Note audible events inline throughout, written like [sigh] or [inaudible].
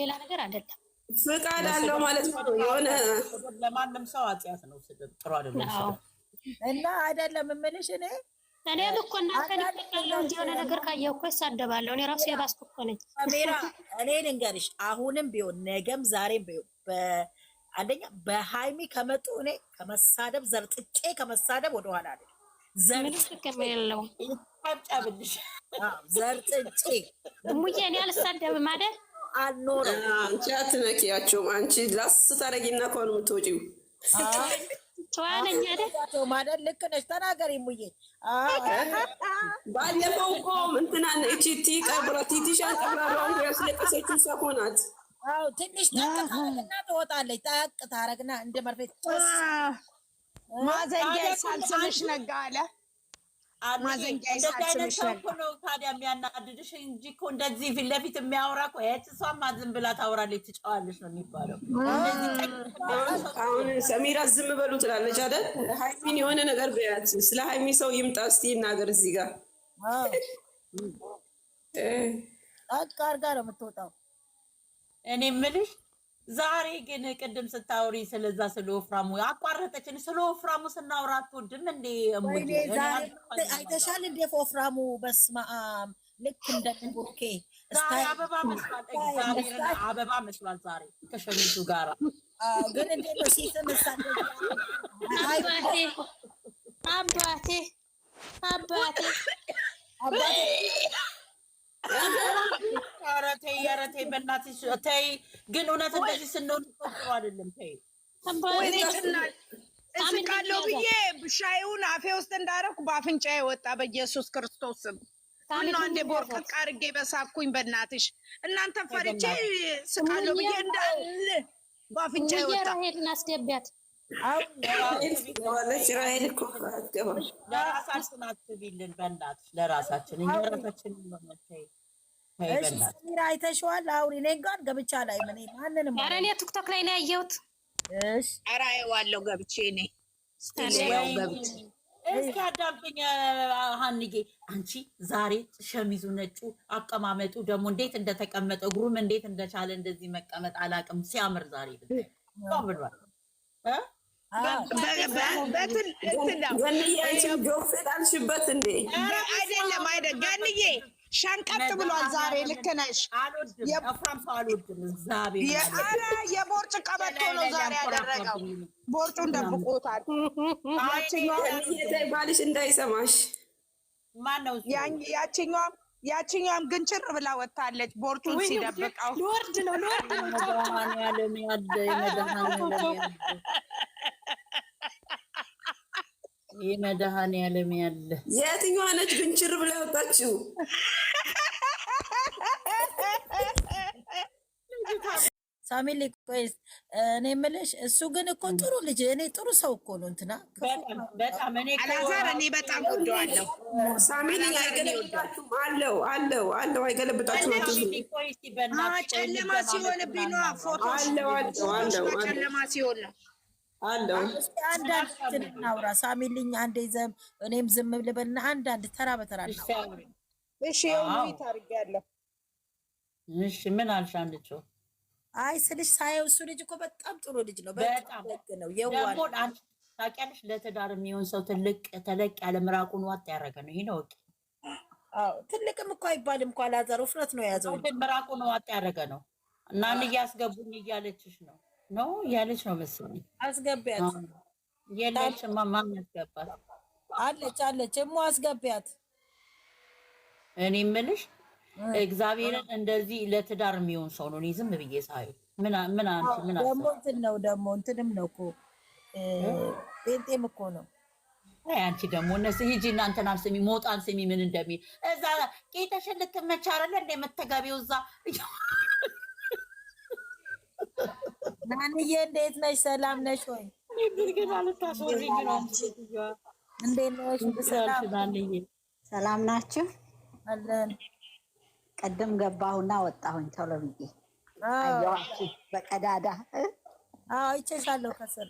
ሌላ ነገር አይደለም። ፍቃድ አለው ማለት ነው። የሆነ ለማንም ሰው አጽያት ነው። ጥሩ አይደለም እና አይደለም የምልሽ እኔ እኔም እኮ እናንተ ሊጠቀለው እንጂ የሆነ ነገር ካየሁ እኮ ይሳደባለሁ። እኔ ራሱ የባስኩ እኮ ነኝ። ሜራ እኔ ልንገርሽ፣ አሁንም ቢሆን ነገም ዛሬም ቢሆን አንደኛ በሃይሚ ከመጡ እኔ ከመሳደብ ዘርጥቄ ከመሳደብ ወደኋላ አለ ዘርጥቄ ሙዬ እኔ አልሳደብም አይደል አልኖረም። አንቺ አትነኪያቸውም። አንቺ ላስ ታደርጊና ከሆነ የምትወጪው ተዋነኛ ልክ ነሽ። ተናገሪ ሙዬ። ባለፈው እኮ እንትና እቺ ቲ ቀብራ ቲቲሻ ቀብራ ያስለቀሰችው እሷ እኮ ናት። ትንሽ ታቅታረግና ትወጣለች። ታቅ ታረግና እንደ መርፌት ማዘንጊያ ሳልስምሽ ነጋ አለ እንደዚህ አይነት ሰው እኮ ነው ታዲያ የሚያናድድሽ እንጂ እኮ እንደዚህ ፊት ለፊት የሚያወራ እኮ ያች እሷም ዝም ብላ ታወራለች፣ ትጫዋለች ነው የሚባለው። አሁን ሰሚራ ዝም በሉ ትላለች አይደል? ሀይሚን የሆነ ነገር ብያት ስለ ሀይሚ ሰው ይምጣ እስኪ ይናገር እዚህ ጋር አድቃ አድርጋ ነው የምትወጣው። እኔ የምልሽ ዛሬ ግን ቅድም ስታወሪ ስለዛ ስለ ወፍራሙ አቋረጠችን። ስለ ወፍራሙ ስናወራ አትወድም እንዴ? አይተሻል እንዴ? ወፍራሙ በስመ አብ ልክ እንደ ቡርኬ አበባ መስሏል። አበባ መስሏል ዛሬ ከሸሚዙ ጋራ። ግን እንዴት ነው ሲስም አባቴ አባቴ አባቴ ኧረ ተይ፣ ኧረ ተይ፣ በእናትሽ ተይ። ግን እውነት እንደዚህ ስንሆን ጥሩ አይደለም። ተይ እስቃለሁ ብዬ ሻይውን አፌ ውስጥ በአፍንጫ የወጣ በኢየሱስ ክርስቶስ ስም አንዴ ቦርቀቅ አድርጌ በሳኩኝ። በእናትሽ እናንተ ፈርቼ እስቃለሁ ብዬ እንዳል በአፍንጫ የወጣ ሄድን አስገቢያት ለራሳችን አስቢልን በእናትሽ ለራሳችን እኛ ራሳችን ሚራ አይተሽዋል። አውሪ እኔ እንኳን ገብቻ ላይ ምን ማንንም ኧረ እኔ ቲክቶክ ላይ ነው ያየሁት። ኧረ አየዋለሁ ገብቼ እኔ እስኪ አዳምጪኝ ሀንዬ፣ አንቺ ዛሬ ሸሚዙ ነጩ አቀማመጡ ደግሞ እንዴት እንደተቀመጠ እግሩም እንዴት እንደቻለ እንደዚህ መቀመጥ አላውቅም። ሲያምር ዛሬ ብሏል። ዳልሽበት እንዴ? አይደለም አይደለም፣ ገንዬ ሸንቀጥ ብሏል ዛሬ። ልክ ነሽ። የቦርጭ ቀበቶ ነው ዛሬ ያደረገው። ቦርጩን ደብቆታል። ባልሽ እንዳይሰማሽ ማነው ያችኛዋ ግን ችር ብላ ወታለች። ቦርጩን ሲደብቀው ልወርድ ነው ልወርድ ነው ያለ ይህ ያለም ያለ የትኛዋ ነች ግንችር ብላ ያወጣችው? ሳሚሊ እኔ የምልሽ እሱ ግን እኮ ጥሩ ልጅ እኔ ጥሩ ሰው እኮ ነው። እንትና አላዛር እኔ በጣም ወደዋለሁ። ሳሚሊ አለው አለው አለው አይገለብጣችሁም። ጨለማ ሲሆንብኝ ነዋ ፎቶ ጨለማ ሲሆን ነው አለው አንዳንድ እናውራ። ሳሚልኝ አንዴ ዘም እኔም ዝም ልበልና አንዳንድ ተራ በተራ እሺ ምን አይ ስልሽ ሳየው እሱ ልጅ እኮ በጣም ጥሩ ልጅ ነው። በጣም ነው የዋል ታውቂያለሽ። ለትዳር የሚሆን ሰው ትልቅ ተለቅ ያለ ምራቁን ዋጥ ያደረገ ነው። ይሄ ነው ወቂ ትልቅም እኮ አይባልም እኮ አላዛር፣ ውፍረት ነው የያዘው። ምራቁን ዋጥ ያደረገ ነው እያስገቡኝ እያለችሽ ነው ነው ያለች ነው መሰለኝ። አስገቢያት። የለችማ። ማን ያስገባት? አለች አለች። እሞ አስገቢያት። እኔ የምልሽ እግዚአብሔርን እንደዚህ ለትዳር የሚሆን ሰው ነው። እኔ ዝም ብዬ ሳይሆን ደግሞ እንትን ነው ደግሞ እንትንም ነው እኮ ጴንጤም እኮ ነው። አንቺ ደግሞ እነሱ ሂጂ እናንተና ስሚ፣ ሞጣን ስሚ ምን እንደሚል እዛ ቄጠሽን ልትመቻረለ እንደምትገቢው እዛ ናንዬ እንዴት ነሽ? ሰላም ነሽ ወይ? እንዴት ነሽ? ሰላም ናችሁ? አለን። ቅድም ገባሁና ወጣሁኝ ቶሎ ብዬ አየኋችሁ በቀዳዳ አይቼሻለሁ። ከስር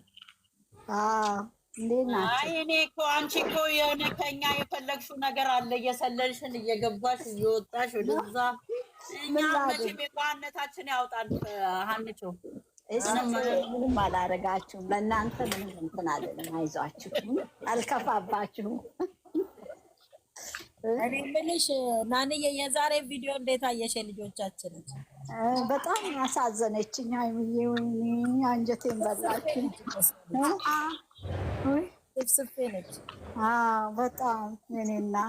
እንዴት ናችሁ? እኔ እኮ አንቺ እኮ የሆነ ከኛ የፈለግሽው ነገር አለ እየሰለልሽን እየገባሽ እየወጣሽ ወደዛ እኛ መቼም የዋህነታችን ያውጣል ሀንቸው ምንም አላደርጋችሁም። ለእናንተ ምንም እንትን አለንም። አይዟችሁም፣ አልከፋባችሁም። እኔ የምልሽ ናንዬ የዛሬ ቪዲዮ እንዴት አየሽ? ልጆቻችንን በጣም ያሳዘነችኝ ሀይሚዬ፣ ወይኔ አንጀቴን በላችሁ። ስፍስፌ ነች። በጣም የእኔ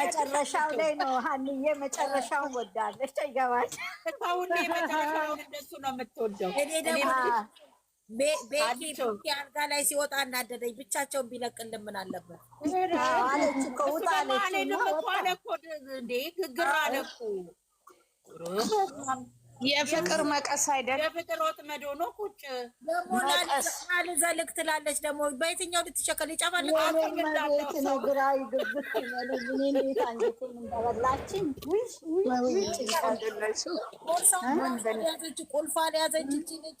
መጨረሻው ላይ ነው። ሀንዬ መጨረሻውን ወዳለች። ይገባል። ሁሌ መጨረሻውን እንደሱ ነው የምትወደው። እኔ ደግሞ ቤኪ አልጋ ላይ ሲወጣ እናደደኝ። ብቻቸውን ቢለቅልን ምን አለበት አለች እኮ ውጣ አለች። ግራ አለ እኮ የፍቅር መቀስ አይደል? የፍቅር ወጥመድ ሆኖ ቁጭ ደግሞ ልዛ ትላለች። ደግሞ በየትኛው ልትሸከል ይጫፋል? ግራ ይግብት እንዴት ልጅ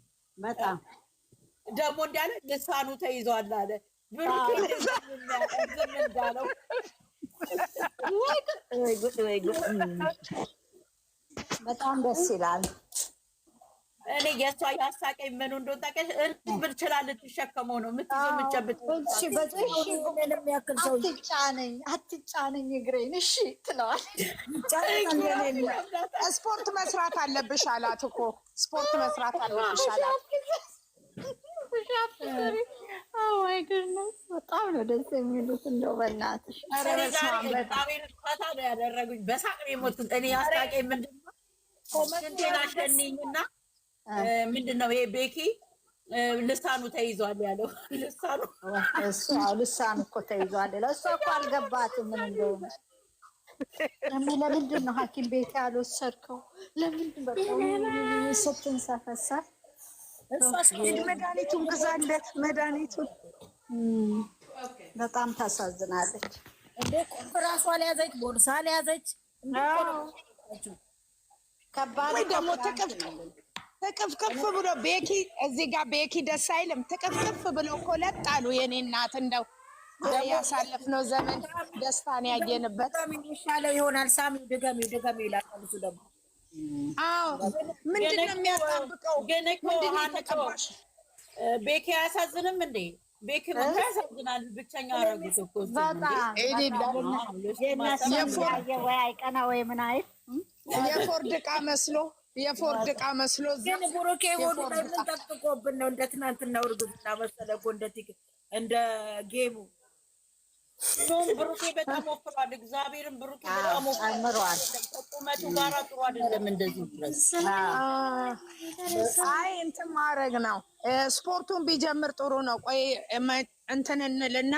በጣም ደግሞ እንዳለ ልሳኑ ተይዟል አለ ብሩኬ በጣም ደስ ይላል። እኔ የእሷ ያሳቀኝ ምን እንደሆነ ታውቂያለሽ? እርጥብ ችላ ልትሸከመው ነው የምትይዘው የምትጨብጠው። ምንም ያክል ሰው አትጫነኝ አትጫነኝ እግሬን እሺ ትለዋለች። ስፖርት መስራት አለብሽ አላት እኮ ስፖርት መስራት አለብሽ አላት። በጣም ነው ደስ የሚሉት። እንደው በእናትሽ ታ ነው ያደረጉኝ። በሳቅ ነው የሞቱት። እኔ ያሳቀኝ ምንድን ነው ሽንቴን አሸንኝና ምንድን ነው ይሄ ቤኪ ልሳኑ ተይዟል ያለው [laughs] ልሳኑ እሱ ልሳኑ እኮ ተይዟል ያለው እሷ እኮ አልገባትም ምን እንደሆነ ለምንድን ነው ሐኪም ቤት ያልወሰድከው? ለምንድን በሰትን ሰፈሳ መድኃኒቱን ግዛለት መድኃኒቱን። በጣም ታሳዝናለች። እንደ ራሷ ሊያዘች ቦርሳ ሊያዘች ከባድ ደግሞ ተቀብ ትቅፍቅፍ ብሎ ቤኪ እዚህ ጋር ቤኪ ደስ አይልም። ትቅፍቅፍ ብሎ ኮለጥ አሉ የኔ እናት። እንደው ያሳለፍነው ዘመን ደስታን ያየንበት ይሻለው ይሆናል። ሳሚ ድገሚ ድገሚ ይላል ብዙ ደግሞ። አዎ ምንድን ነው የሚያጣብቀው? ምንድን ነው የተቀባሽ? ቤኪ አያሳዝንም እንዴ? ቤኪ ምን ያሳዝናል? ብቸኛ አረጉት እኮ የፎርድ ዕቃ መስሎ የፎርድ ዕቃ መስሎ ግን ቡሩኬ ሆኑ ለምን ጠብቆብን ነው? እንደ ትናንትና ውርግብና መሰለ እኮ እንደ ቲክ- እንደ ጌሙ ሱም ብሩኬ በጣም ወፍሯል። እግዚአብሔርን ብሩኬ በጣም ወፍሯል። ቁመቱ ጋር ጥሩ አይደለም። እንደዚህ ድረስ አይ እንትን ማድረግ ነው። ስፖርቱን ቢጀምር ጥሩ ነው። ቆይ እንትን እንልና